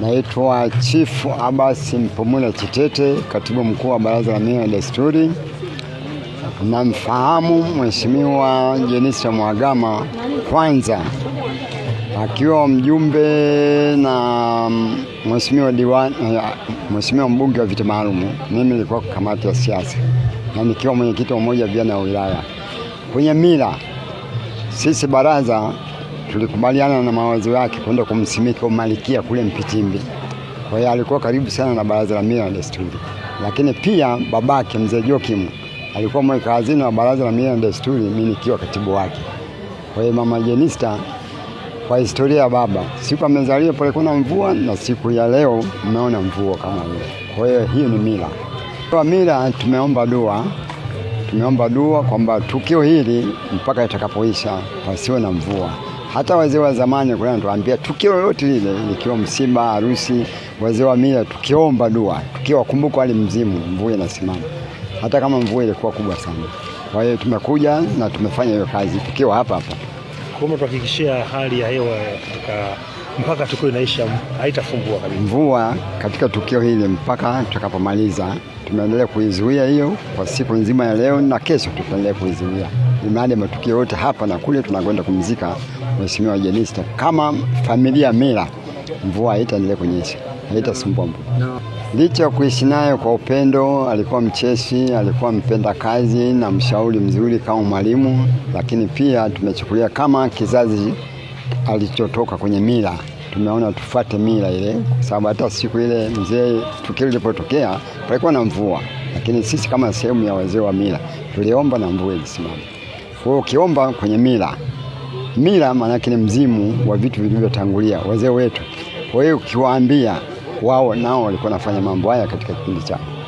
Naitwa Chifu Abbas Mpumula Chitete, katibu mkuu wa Baraza la Mila na Desturi. Namfahamu Mheshimiwa Jenista Mhagama kwanza akiwa mjumbe na mheshimiwa diwani, mheshimiwa mbunge wa viti maalum. Mimi nilikuwa kamati ya siasa na nikiwa mwenyekiti wa umoja vijana wa wilaya. Kwenye mila sisi baraza tulikubaliana na mawazo yake kwenda kumsimika umalikia kule Mpitimbi. Kwa hiyo alikuwa karibu sana na baraza la mila na desturi, lakini pia babake mzee Jokim alikuwa mweka hazina wa baraza la mila na desturi, mimi nikiwa katibu wake. Kwa hiyo mama Jenista, kwa historia ya baba, siku amezaliwa palikuwa na mvua na siku ya leo mmeona mvua kama ile. Kwa hiyo hiyo ni mila. Kwa mila tumeomba dua tumeomba dua kwamba tukio hili mpaka itakapoisha pasiwe na mvua hata wazee wa zamani kwa natuambia tukio lolote lile, nikiwa msiba, harusi, wazee wa mila tukiomba dua, tukiwakumbuka wale mzimu, mvua inasimama, hata kama mvua ilikuwa kubwa sana. Kwa hiyo tumekuja na tumefanya hiyo kazi tukiwa hapa hapa, kwa tuhakikishia hali ya hewa tuka mpaka tukio inaisha haitafungua kabisa mvua katika tukio hili mpaka tutakapomaliza. Tumeendelea kuizuia hiyo kwa siku nzima ya leo na kesho tutaendelea kuizuia mradi matukio yote hapa na kule tunakwenda kumzika Mheshimiwa Jenista kama familia mila, mvua haitaendelea kunyesha, haitasumbua mvua. Licha ya kuishi naye kwa upendo, alikuwa mcheshi, alikuwa mpenda kazi na mshauri mzuri kama mwalimu, lakini pia tumechukulia kama kizazi alichotoka kwenye mila tumeona tufuate mila ile, kwa sababu hata siku ile mzee, tukio lilipotokea palikuwa na mvua, lakini sisi kama sehemu ya wazee wa mila tuliomba na mvua ilisimama. Kwa hiyo ukiomba kwenye mila, mila maana yake ni mzimu wa vitu vilivyotangulia wazee wetu. Kwa hiyo ukiwaambia, wao nao walikuwa wanafanya mambo haya katika kipindi chao.